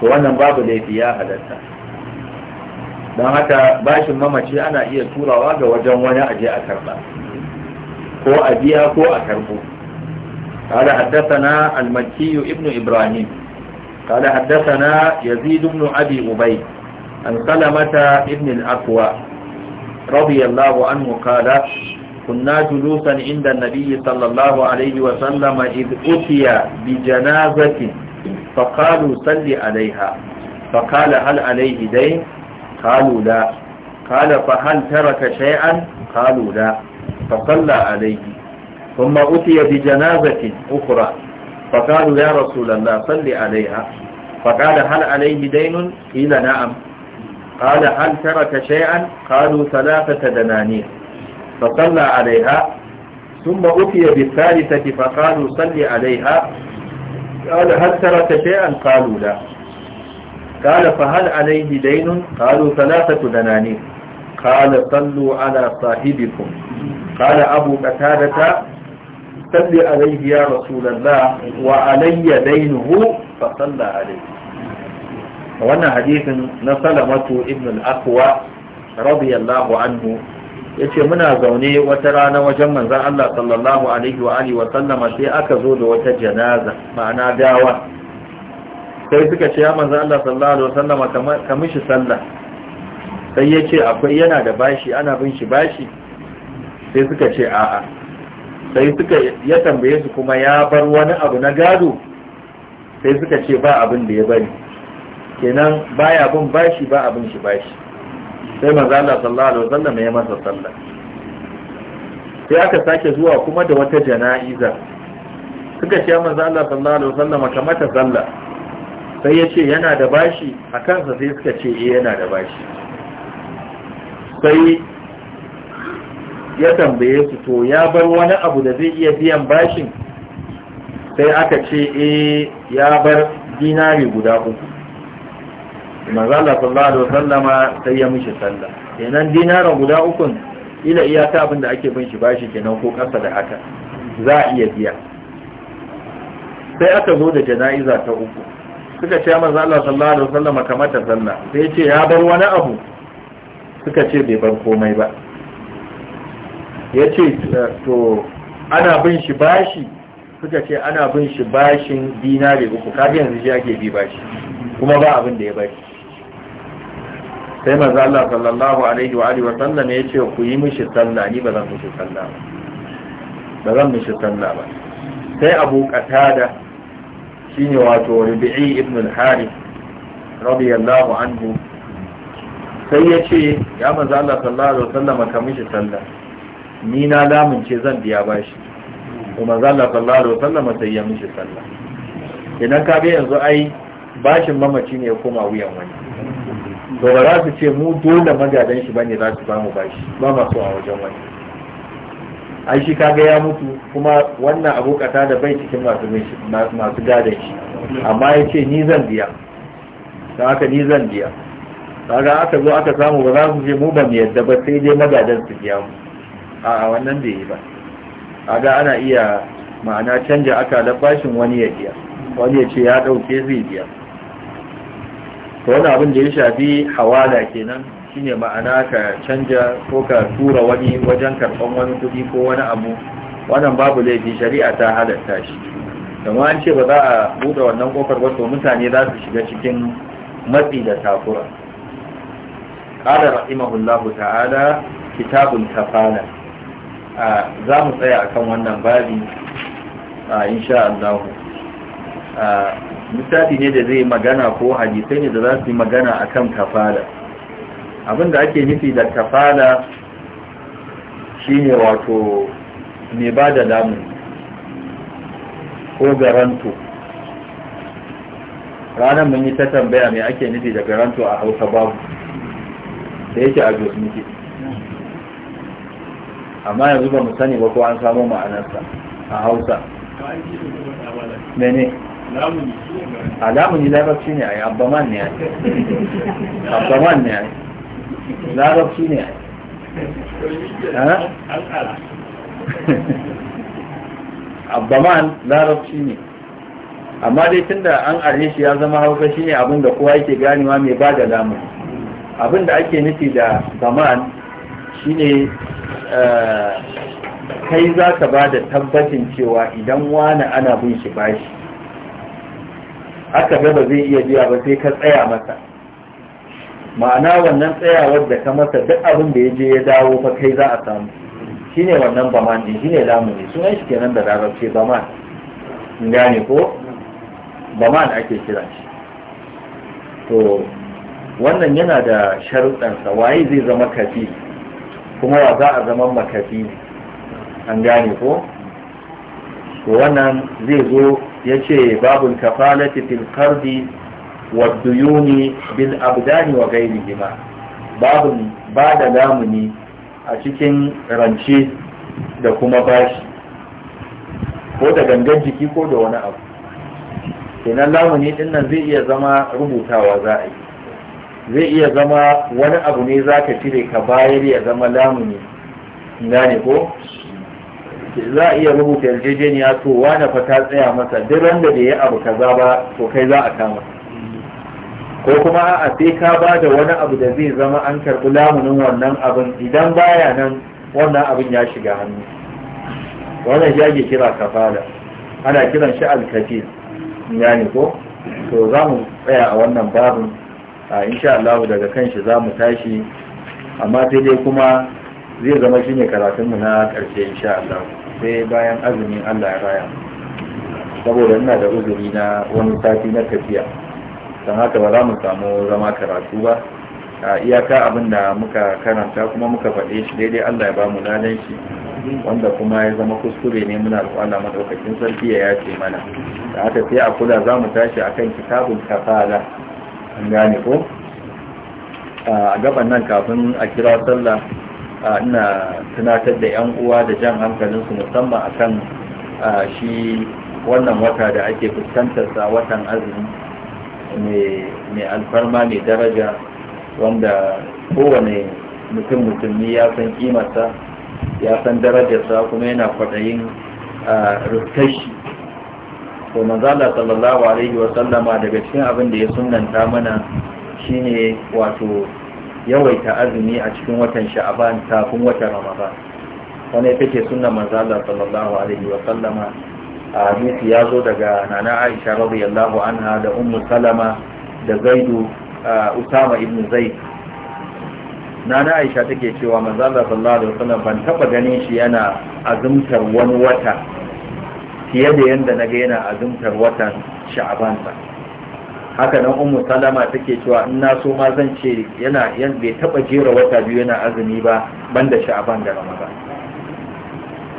to wannan babu laifi ya halatta don haka bashin mamaci ana iya turawa ga wajen wani aje a karba ko a biya ko a karbo قال حدثنا المكي ابن إبراهيم قال حدثنا يزيد بن أبي أبي عن سلمة ابن الأكوى رضي الله عنه قال كنا جلوسا عند النبي صلى الله عليه وسلم إذ أتي بجنازة فقالوا سل عليها فقال هل عليه دين قالوا لا قال فهل ترك شيئا قالوا لا فصلى عليه ثم أتي بجنازة أخرى فقالوا يا رسول الله صل عليها فقال هل عليه دين قيل نعم قال هل ترك شيئا قالوا ثلاثة دنانير فصلى عليها ثم أتي بالثالثة فقالوا صل عليها قال هل ترك شيئا قالوا لا قال فهل عليه دين قالوا ثلاثة دنانير قال صلوا على صاحبكم قال أبو قتادة صل عليه يا رسول الله وعلي دينه فصلى عليه وانا حديث نسلمة ابن الأقوى رضي الله عنه yace muna zaune wata rana wajen manzon Allah sallallahu alaihi wa alihi wa sallama sai aka zo da wata janaza ma'ana gawa sai suka ce ya manzo Allah sallallahu alaihi wasallam kamar shi sallah sai ya ce akwai yana da bashi ana bin shi bashi sai suka ce a'a sai suka ya tambaye su kuma ya bar wani abu na gado sai suka ce ba abin da ya bari kenan baya bin bashi ba abin shi bashi sai manzo Allah sallallahu alaihi wasallam ya masa sallah sai aka sake zuwa kuma da wata jana'iza suka ce manzo Allah sallallahu alaihi wasallam kamata sallah sai ya ce yana da bashi a kansa sai suka ce eh, yana da bashi sai ya tambaye su to ya bar wani abu da zai iya biyan bashin sai aka ce eh, ya bar dinari guda uku manzala sallallahu alaihi wasallama sai ya mishi sallah kenan dinarin guda ukun ila iyaka abin da ake bin shi bashi kenan ko kasa da haka za a iya biya sai aka zo da jana'iza ta uku suka ce manzo Allah sallallahu alaihi wasallam kamar ta sallah sai ya ce ya bar wani abu suka ce bai bar komai ba ya ce eh, to ana bin shi bashi suka ce ana bin shi bashin dinari uku kafin yanzu shi ake bi bashi kuma ba abin da ya bashi sai manzo Allah sallallahu alaihi wa alihi wasallam ya ce ku yi mishi sallah ni ba zan mishi sallah ba ba zan mishi sallah ba sai Abu Qatada shine wato Rabi'i ibn al-Harith radiyallahu anhu sai ya ce ya manzo Allah sallallahu alaihi wasallam ka mishi sallah ni na lamunce zan biya bashi kuma manzo Allah sallallahu alaihi wasallam sai ya mishi sallah idan ka ga yanzu ai bashin mamaci ne ya koma wuyan wani to ba za su ce mu dole magadan shi bane za su ba mu bashi ba ma so a wajen wani ai shi kaga ya mutu kuma wannan abu da bai cikin masu gada shi amma ya ce ni zan biya don haka ni zan biya kaga aka zo aka samu ba za su je mu ba mu yadda ba sai dai magadan su biya mu a wannan bai yi ba kaga ana iya ma'ana canja aka bashin wani ya biya wani ya ce ya dauke zai biya to wani abin da ya shafi hawala kenan ne ma'ana ka canja ko ka tura wani wajen karɓar wani kuɗi ko wani abu wannan babu laifi shari'a ta halatta shi kamar an ce ba za a buɗe wannan ƙofar ba to mutane za su shiga cikin matsi da takura ƙara rahimahullahu ta'ala kitabun kafala za mu tsaya akan wannan babi insha Allah littafi ne da zai magana ko hadisai ne da za su yi magana akan kafala abinda ake nufi da kafala shine wato mai ba da lamuni ko garanto ranar mun yi ta tambaya mai ake nufi da garanto a hausa babu da yake a jos muke amma yanzu ba mu sani ba ko an samu ma'anarsa a hausa mene alamuni labarci ne a yi abbaman ne a yi abbaman ne a yi larabci ne abdaman larabci ne amma dai tun da an are shi ya zama hauka shine abin da kowa yake ganewa mai ba da lamu abinda ake nufi da shi shine eh, kai za ka ba da tabbacin cewa idan wani ana bin shi bashi aka gaba zai iya biya ba sai ka tsaya masa ma'ana wannan tsayawar da ka masa duk abin da ya je ya dawo fa kai za a samu Shi ne wannan baman shi ne. lamuni sun shi kenan da larabci baman gane ko baman ake kiran shi to wannan yana da sharuɗansa waye zai zama kafi kuma wa za a zama makafi an gane ko to wannan zai zo ya ce babul kafalati fil qardi والديون بالأبدان وغيرهما باب بعد لامني أشكين رنشي da kuma bashi ko da gangan jiki ko da wani abu kenan lamuni din nan zai iya zama rubutawa za a yi zai iya zama wani abu ne za ka cire ka bayar ya zama lamuni gane ko za a iya rubuta yarjejeniya to wani fa ta tsaya masa duk da ya abu kaza ba to kai za a kama ko kuma a sai ka ba da wani abu da zai zama an karɓi lamunin wannan abin idan baya nan wannan abin ya shiga hannu wannan shi ake kira kafala ana kiran shi alkafil ne ko to za mu tsaya a wannan babin a insha Allah daga kan shi za mu tashi amma sai dai kuma zai zama shi ne karatunmu na ƙarshe insha Allah sai bayan azumin Allah ya raya saboda ina da uzuri na wani sati na tafiya don haka ba za mu samu zama karatu ba a iyaka abin da muka karanta kuma muka faɗe shi daidai Allah ya ba mu ladan shi wanda kuma ya zama kuskure ne muna alƙwala madaukakin sarki ya yace mana da haka sai a kula za mu tashi kan kitabun kafala an gane ko a gaban nan kafin a kira sallah ina tunatar da yan uwa da jan hankalinsu musamman akan shi wannan wata da ake fuskantar sa watan azumi mai alfarma mai daraja wanda kowane mutum mutumi ya san kimarsa ya san darajarsa kuma yana kwaɗayin rikashi to manzala sallallahu alaihi wa sallama daga cikin abin da ya sunanta mana shine wato yawaita azumi a cikin watan sha'aban kafin watan ramadan wani ita sunan sunnan manzala sallallahu alaihi wa sallama hadisi ya zo daga nana aisha radiyallahu anha da ummu salama da zaidu usama ibn zaid nana aisha take cewa manzo Allah sallallahu alaihi wasallam ban taba ganin shi yana azumtar wani wata fiye da yanda naga yana azumtar watan sha'ban sa haka nan ummu salama take cewa in na so ma zan ce yana yan bai taba jera wata biyu yana azumi ba banda sha'ban da ramadan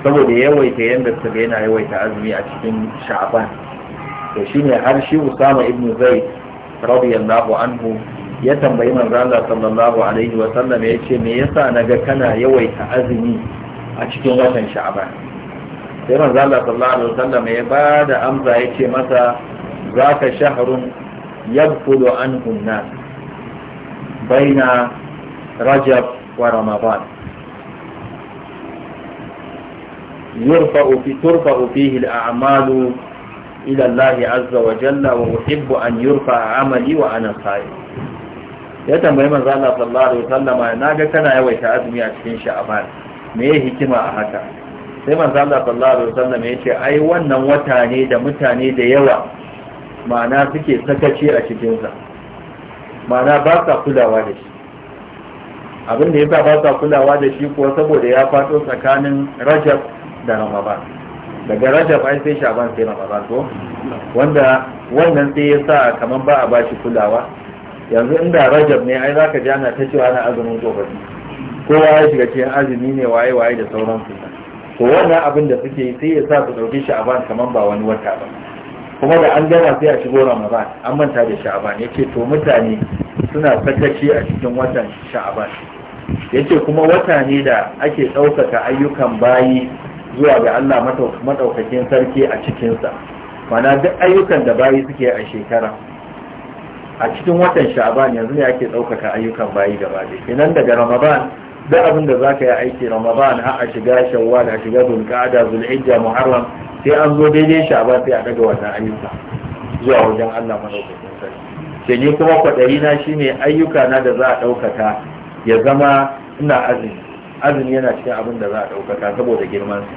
saboda yawaita yanda su ga yana yawaita azumi a cikin sha'ban to shine har shi usama ibn zaid radiyallahu anhu ya tambayi manzo Allah sallallahu alaihi wa sallam ya ce me yasa naga kana yawaita azumi a cikin watan sha'ban sai manzo Allah sallallahu alaihi wa sallam ya ba da amsa ya ce masa zaka shahrun yabfulu anhu na nas baina rajab wa ramadan يرفع في ترفع فيه الأعمال إلى الله عز وجل وأحب أن يرفع عملي وأنا صائم ya tambayi manzo Allah sallallahu alaihi wasallam ga kana yawaita azumi a cikin sha'ban me ya hikima a haka sai manzo Allah sallallahu alaihi wasallam ya ce ai wannan wata ne da mutane da yawa ma'ana suke sakaci a cikin sa ma'ana ba sa kulawa da shi abin da yasa ba sa kulawa da shi kuwa saboda ya fato tsakanin Rajab da ramadan daga rajab ai sai shaban sai ramadan ko wanda wannan sai ya sa kamar ba a bashi kulawa yanzu inda rajab ne ai zaka ji ana ta cewa na azumin tsofaffi kowa ya shiga cikin azumi ne waye waye da sauran sauransu to wannan abin da suke sai ya sa su dauki sha'aban kamar ba wani wata ba kuma da an gama sai a shigo ramadan an manta da sha'aban yace to mutane suna sakaci a cikin watan sha'aban yace kuma wata ne da ake ɗaukaka ayyukan bayi zuwa ga Allah maɗaukakin sarki a cikinsa mana duk ayyukan da bayi suke a shekara a cikin watan sha'aban yanzu ne ake ɗaukaka ayyukan bayi gaba da kenan daga ramadan duk abin da za ka yi aiki ramadan har a shiga shawwal a shiga zulqa'ada zulhijja muharram sai an zo daidai sha'aban sai a daga wannan ayyuka zuwa wajen Allah madaukakin sarki sai ni kuma kwaɗari na shine ayyuka na da za a ɗaukaka ya zama ina azumi azumi yana cikin abin da za a ɗaukaka saboda su.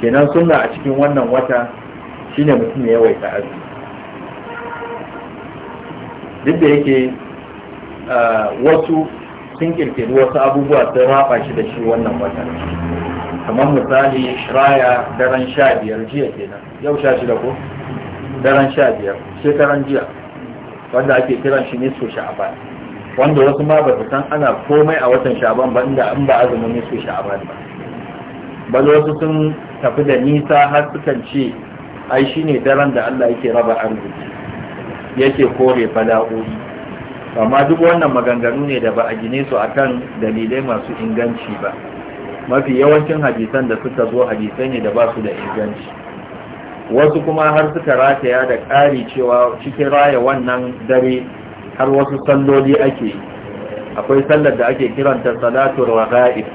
kenan sunna a cikin wannan wata shine mutum ya yawaita azumi duk da yake wasu sun kirkiri wasu abubuwa sun raba shi da shi wannan wata kamar misali raya daren sha biyar jiya kenan yau sha shida ko daren sha biyar shekaran jiya wanda ake kiran shi ne su sha'aban wanda wasu ma ba su san ana komai a watan sha'aban ba inda an ba azumin su sha'aban ba bal wasu sun tafi da nisa har sukan ce ai shi ne daren da Allah yake raba arziki yake kore bala'o'i amma duk wannan maganganu ne da ba a gine su a kan dalilai masu inganci ba mafi yawancin hadisan da suka zo hadisai ne da ba su da inganci wasu kuma har suka rataya da ƙari cewa cikin raya wannan dare har wasu salloli ake yi akwai sallar da ake kiranta salatul raga'ib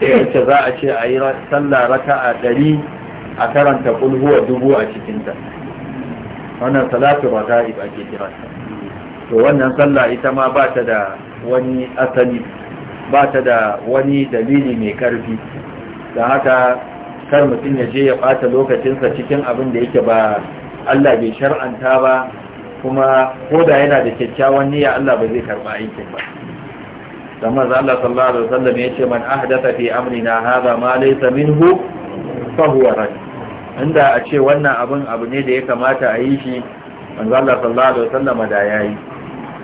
wacce za a ce a yi sallah raka'a ɗari a karanta kulhuwa dubu a cikinta wannan salatu raga'ib ake kiranta to wannan sallar ita ma ba ta da wani asali ba ta da wani dalili mai karfi don haka kar mutum ya je ya ɓata lokacinsa cikin abin da yake ba Allah bai shar'anta ba kuma ko da yana da kyakkyawan niyya Allah ba zai karba aikin ba dan manzo Allah sallallahu alaihi wasallam ya ce man ahdatha fi amrina hadha ma laysa minhu fa huwa rad inda a ce wannan abin abu ne da ya kamata a yi shi manzo Allah sallallahu alaihi wasallam da yayi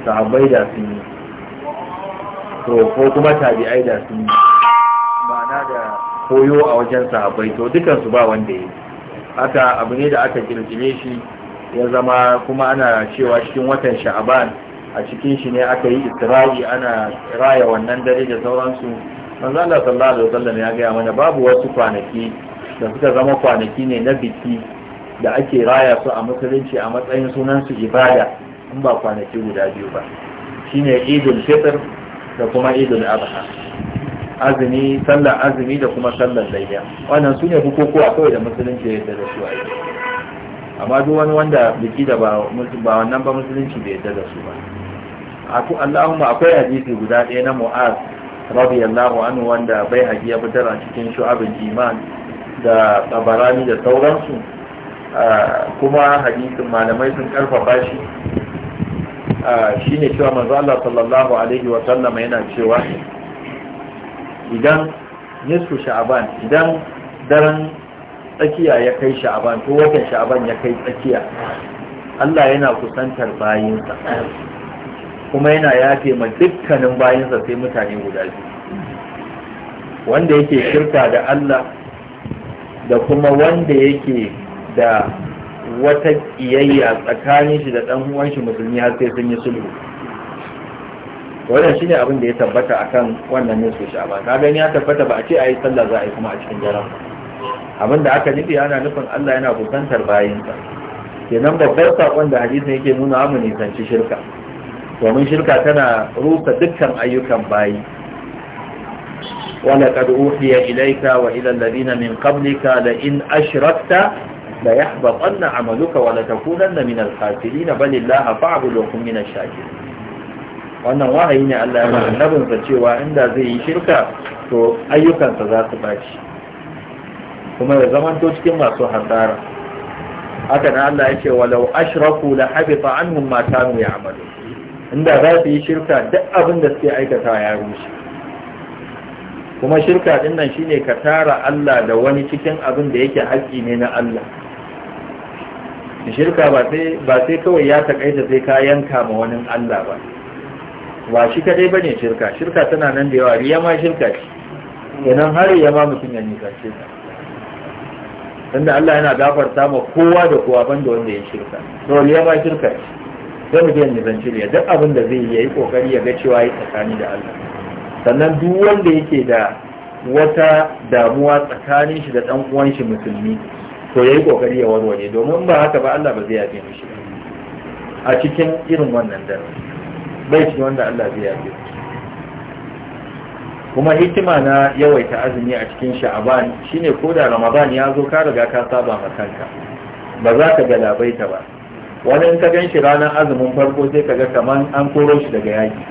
sahabbai da sun yi to ko kuma tabi'ai da sun yi ma'ana da koyo a wajen sahabbai to su ba wanda yi haka abu ne da aka kirkire shi ya zama kuma ana cewa cikin watan sha'aban a cikin shi ne aka yi isra'i ana raya wannan dare da sauransu manzo Allah sallallahu alaihi wasallam ya gaya mana babu wasu kwanaki da suka zama kwanaki ne na biki da ake raya su a musulunci a matsayin sunansu ibada in ba kwanaki guda biyu ba shine Idul Fitr da kuma Idul Adha azumi sallar azumi da kuma sallar layya wannan sune bukukuwa kawai da musulunci ya da su a amma duk wani wanda biki da ba wannan ba musulunci bai yadda da su ba aku Allahumma akwai hadisi guda ɗaya na Mu'az radiyallahu anhu wanda bai haji ya fitar a cikin shu'abin iman da tabarani da sauransu kuma hadisin malamai sun karfafa shi shine cewa manzo Allah sallallahu alaihi wa sallam yana cewa idan nisfu sha'aban idan daren tsakiya ya kai sha'aban ko watan sha'aban ya kai tsakiya Allah yana kusantar bayinsa kuma yana yafe ma dukkanin bayinsa sai mutane guda biyu wanda yake shirka da Allah da kuma wanda yake da wata kiyayya tsakanin shi da dan uwan shi musulmi har sai sun yi sulhu wannan shine abin da ya tabbata akan wannan nisu sha'aban gani ya tabbata ba a ce ayi sallah za a yi kuma a cikin jarabawa abinda aka nufi ana nufin Allah yana kusantar bayinsa kenan babbar sakon da hadisin yake nuna mu nisanci shirka domin shirka tana rusa dukkan ayyukan bayi ولقد أوحي إليك وإلى الذين من قبلك لئن أشركت ليحبطن عملك ولتكونن من الخاسرين بل الله فاعبد وكن من الشاكرين wannan wahayi ne Allah ya ba cewa inda zai yi shirka to ayyukansa za su baci kuma ya zamanto cikin masu hasara haka na Allah ya ce walau ashraku la habita anhum ma kanu ya'malu inda za su yi shirka duk abin da suke aikata ya rushe kuma shirka din nan shine ka tara Allah da wani cikin abin da yake haƙƙi ne na Allah shirka ba sai ba sai kawai ya takaita sai ka yanka ma wani Allah ba ba shi kadai bane shirka shirka tana nan da yawa riya ma shirka ce kenan har ya ma mutum ya nika shirka tunda Allah yana gafarta ma kowa da kowa banda wanda ya shirka to ya ba shirka sai mu biyan nizanci ne duk abin da zai yi kokari ya ga cewa ya tsakani da Allah sannan duk wanda yake da wata damuwa tsakanin shi da dan uwan shi musulmi to yayi kokari ya warware domin ba haka ba Allah ba zai yafe mishi a cikin irin wannan dare bai cikin wanda Allah zai yafe kuma hikima na yawaita azumi a cikin sha'aban shine ko da ramadan ya zo ka riga ka saba ma kanka ba za ka galabaita ba wani in ka gan shi ranar azumin farko sai ka ga kamar an koro shi daga yaki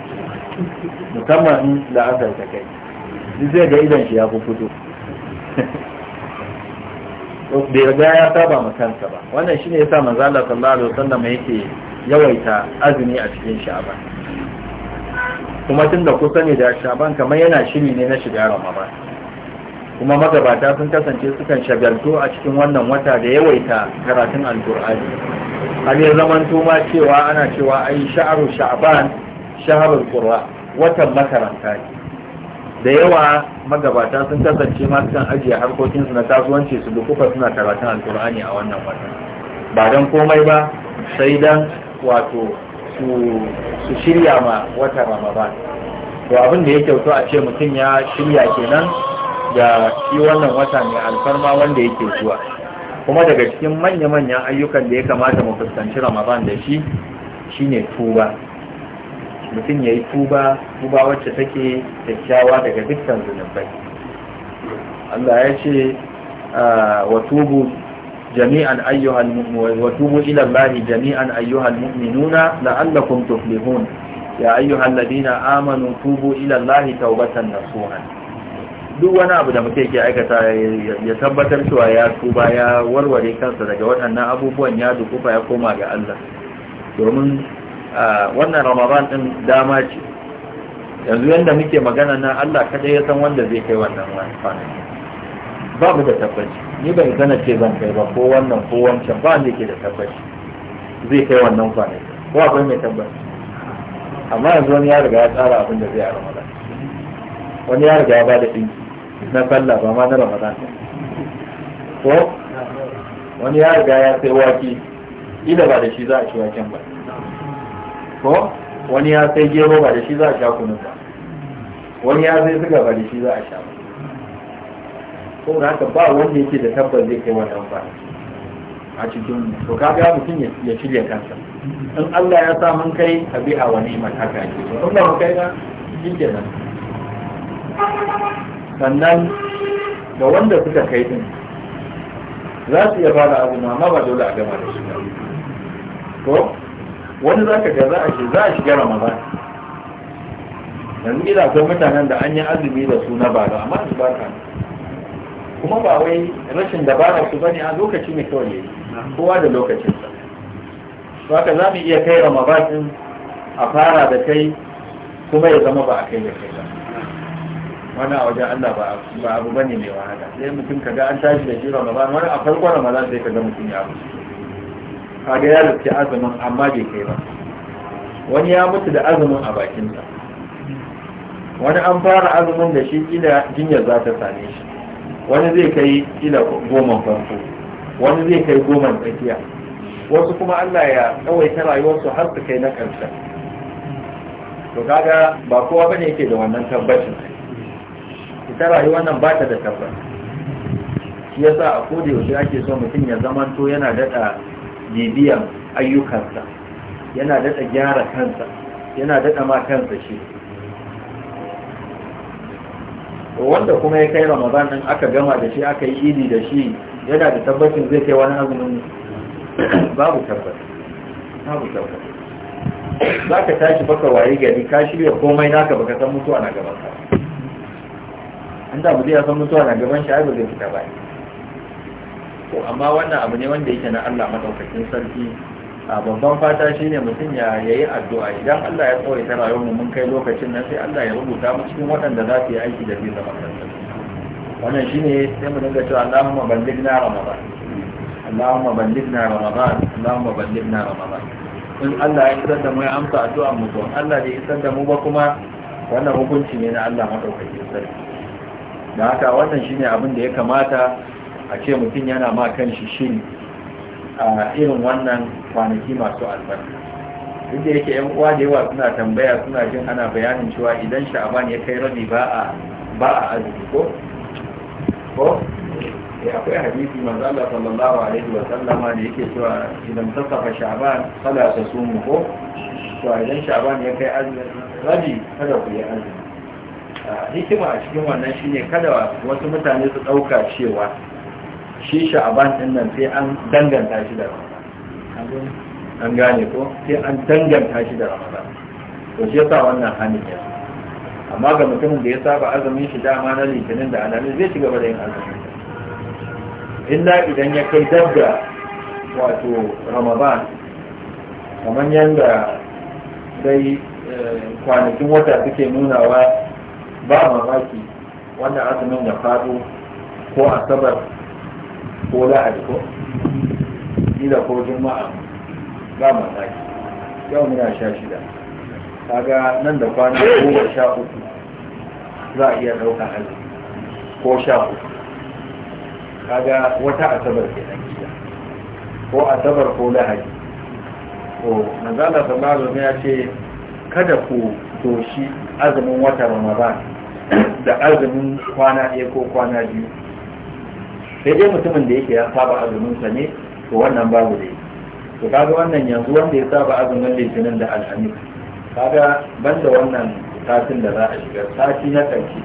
musamman in la'asar ta kai zai ga idan shi ya fi fito bai riga ya saba ma kanka ba wannan shine yasa manzo Allah sallallahu alaihi wasallam yake yawaita azumi a cikin sha'aban kuma tun da kusa ne da shaban kamar yana shiri ne na shiga ramadan kuma magabata sun kasance sukan shagaltu a cikin wannan wata da yawaita karatun alkur'ani har ya zaman ma cewa ana cewa ai sha'aru sha'ban shaharul qur'a watan makaranta da yawa magabata sun kasance ma sukan ajiye harkokinsu na kasuwanci su dukufa suna karatun alkur'ani a wannan wata ba don komai ba sai dan wato su shirya ma watan ramadan to abin da ya kyautu a ce mutum ya shirya kenan da shi wannan wata mai alfarma wanda yake zuwa kuma daga cikin manya-manyan ayyukan da ya kamata mu fuskanci ramadan da shi shine tuba mutum ya yi tuba tuba wacce take kyakkyawa daga dukkan zunubai Allah ya ce ah, wa tubu جميعا أيها المؤمنون وتوبوا إلى الله جميعا أيها المؤمنون لعلكم تفلحون يا أيها الذين آمنوا توبوا إلى الله توبة نصوحا duk wani abu da muke ke aikata ya tabbatar cewa ya tuba ya warware kansa daga waɗannan abubuwan ya dukufa ya koma ga Allah domin wannan ramadan din dama ce yanzu yadda muke magana na Allah kaɗai ya san wanda zai kai wannan wani babu da tabbaci ni bai gana ce ban kai ba ko wannan ko wancan ba ne ke da tabbaci zai kai wannan kwanaki ko akwai mai tabbaci amma yanzu wani ya riga ya tsara abin da zai a ramadan wani ya riga ya ba da ɗinki na sallah ba ma na ramadan ko wani ya riga ya sai waki ina ba da shi za a ci waken ba ko wani ya sai gero ba da shi za a sha kunu ba wani ya sai suga ba da shi za a sha ba saboda haka ba wanda yake da tabbas zai kai wannan amfani a cikin to kaga mutum ya shirya kansa in Allah ya sa mun kai a bi a wani mai haka ake to in ba mu kai na shi nan sannan ga wanda suka kai din za su iya fara abu amma ba dole a gama da shi ba. ko wani za ka ga za a za a shiga ramadan yanzu ina son mutanen da an yi azumi da su na bara amma su ba ka kuma ba wai rashin dabara su bane a lokaci ne kawai kowa da lokacinsa ba ka za mu iya kai ramadan a fara da kai kuma ya zama ba a kai da kai ba wani a wajen Allah ba abu bane mai wahala sai mutum kaga an tashi da shi ramadan wani a farkon ramadan sai kaga mutum ya mutu kaga ya rufe azumin amma bai kai ba wani ya mutu da azumin a bakinsa wani an fara azumin da shi kila jinyar za ta same shi wani zai kai kila goman farko wani zai kai goman tsakiya wasu kuma Allah ya kawaita rayuwarsu har su kai na karshe to kaga ba kowa bane yake da wannan tabbacin ita rayuwar nan ba ta da tabbas shi yasa a koda yaushe ake so mutum ya zamanto yana daɗa bibiyan ayyukansa yana daɗa gyara kansa yana daɗa ma kansa shi wanda kuma ya kai ramadan nan aka gama da shi aka yi idi da shi yana da tabbacin zai kai wani azumin babu tabbata babu tabbata za ka tashi baka waye gari ka shirya komai naka baka san mutuwa na gaban ka an da ya san mutuwa na gaban shi ai ba zai fita ba to amma wannan abu ne wanda yake na Allah madaukakin sarki a babban fata shine mutum ya yayi addu'a idan Allah ya tsore ta rayuwar mu mun kai lokacin nan sai Allah ya rubuta mu cikin waɗanda za su yi aiki da zai zama kansa wannan shine sai mu dinga cewa Allahumma ballighna ramadan Allahumma ballighna ramadan Allahumma ballighna ramadan in Allah ya isar da mu ya amsa addu'a mu to Allah zai isar da mu ba kuma wannan hukunci ne na Allah madaukakin sarki da haka wannan shine abin da ya kamata a ce mutum yana ma kanshi shiri a irin wannan kwanaki masu albarka duk da yake yan uwa da yawa suna tambaya suna jin ana bayanin cewa idan sha'aban ya kai rabi ba a ba a azumi ko ko eh akwai hadisi manzo Allah sallallahu alaihi wa sallama da yake cewa idan tasafa sha'aban kada ta sumu ko to idan sha'aban ya kai azumi rabi kada ku yi azumi ah, hikima a cikin wannan shine kada wasu mutane su dauka cewa shi sha'aban din nan sai an danganta shi da ramadan an gane ko sai an danganta shi da ramadan to shi yasa wannan hanin ya amma ga mutumin da ya saba azumin shi dama na litinin da alamin zai ci gaba da yin azumin illa idan ya kai da wato ramadan kamar yadda dai eh, kwanakin wata suke nunawa ba mamaki wannan azumin da faɗo ko asabar ko lahadi ko ila ko juma'a ba mamaki yau muna sha shida kaga nan da kwana goma sha uku za a iya ɗauka azumi ko sha uku kaga wata asabar ke nan gida ko asabar ko lahadi ko manzala sallallahu alaihi ya ce kada ku doshi azumin wata ramadan da azumin kwana ɗaya ko kwana biyu sai dai mutumin da yake ya saba azumin sa ne to wannan babu dai to kaga wannan yanzu wanda ya saba azumin litinin da alhamis kaga banda wannan satin da za a shiga sati na ƙarshe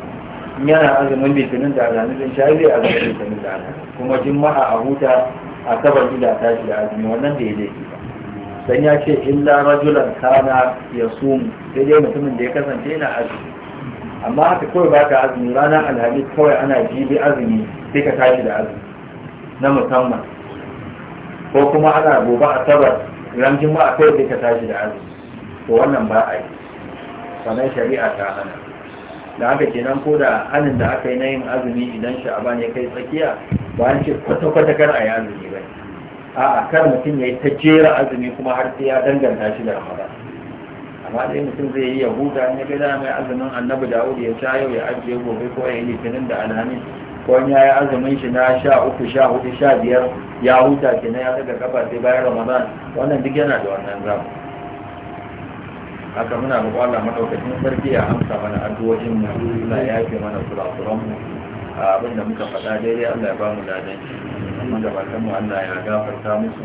yana azumin litinin da alhamis in sha zai azumin litinin da alhamis kuma juma'a a huta a sabar gida shi da azumi wannan da ya dai dan ya ce illa rajulan kana ya sumu sai dai mutumin da ya kasance yana azumi amma haka kawai ba ka azumi ranar alhaji kawai ana jibi azumi sai ka tashi da azumi na musamman ko kuma ana gobe a asabar ran juma'a kawai sai ka tashi da azumi to wannan ba a yi shari'a ta hana da haka kenan ko da hannun da aka yi na yin azumi idan sha'aba ya kai tsakiya ba an ce kwata-kwata kar a yi azumi ba a'a kar mutum ya yi ta jera azumi kuma har sai ya danganta shi da ramadan amma dai mutum zai yi yahuda ne ga da mai azumin annabi dawud ya sha yau ya ajiye gobe ko ya yi litinin da alhamis ko ya yi azumin shi na sha uku sha hudu sha biyar ya huta na ya daga kafa sai bayan ramadan wannan duk yana da wannan zamu haka muna roƙo kwallon madaukakin sarki ya amsa mana addu'o'in mu Allah ya yafe mana kurakuran mu abinda muka faɗa daidai Allah ya bamu mu ladan shi gabatar mu Allah ya gafarta musu